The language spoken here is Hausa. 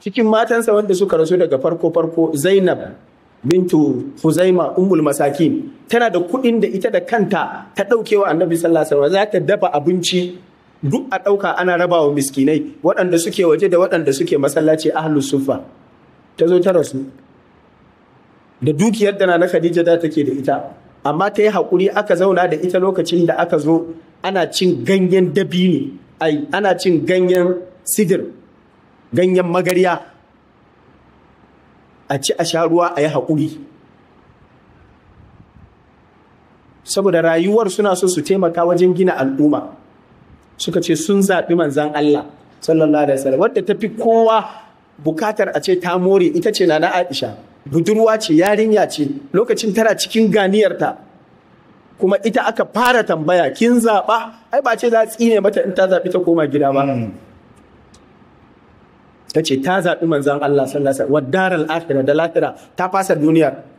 cikin matansa wanda suka rasu daga farko farko Zainab bintu Huzaima ummul masakin tana da kuɗin da ita da kanta ta ɗaukewa annabi sallallahu alaihi wasallam za ta dafa abinci duk a ɗauka ana rabawa miskinai waɗanda suke waje da waɗanda suke masallaci ahlus sufa ta zo ta rasu da dukiyar da na Khadija da take da ita amma ta yi haƙuri aka zauna da ita lokacin da aka zo ana cin ganyen dabini ai ana cin ganyen sidir ganyen magarya a ci a sha ruwa a yi haƙuri saboda rayuwar suna so su taimaka wajen gina al'umma suka ce sun zaɓi manzan Allah sallallahu alaihi wasallam wadda ta fi kowa bukatar a ce ta more ita ce nana Aisha budurwa ce yarinya ce lokacin tana cikin ganiyarta kuma ita aka fara tambaya kin zaɓa ai ba ce za tsine mata in ta zaɓi ta koma gida ba mm. ta ce ta zaɓi manzan Allah sallallahu alaihi wasallam daral akhirah da lafira ta fasa duniyar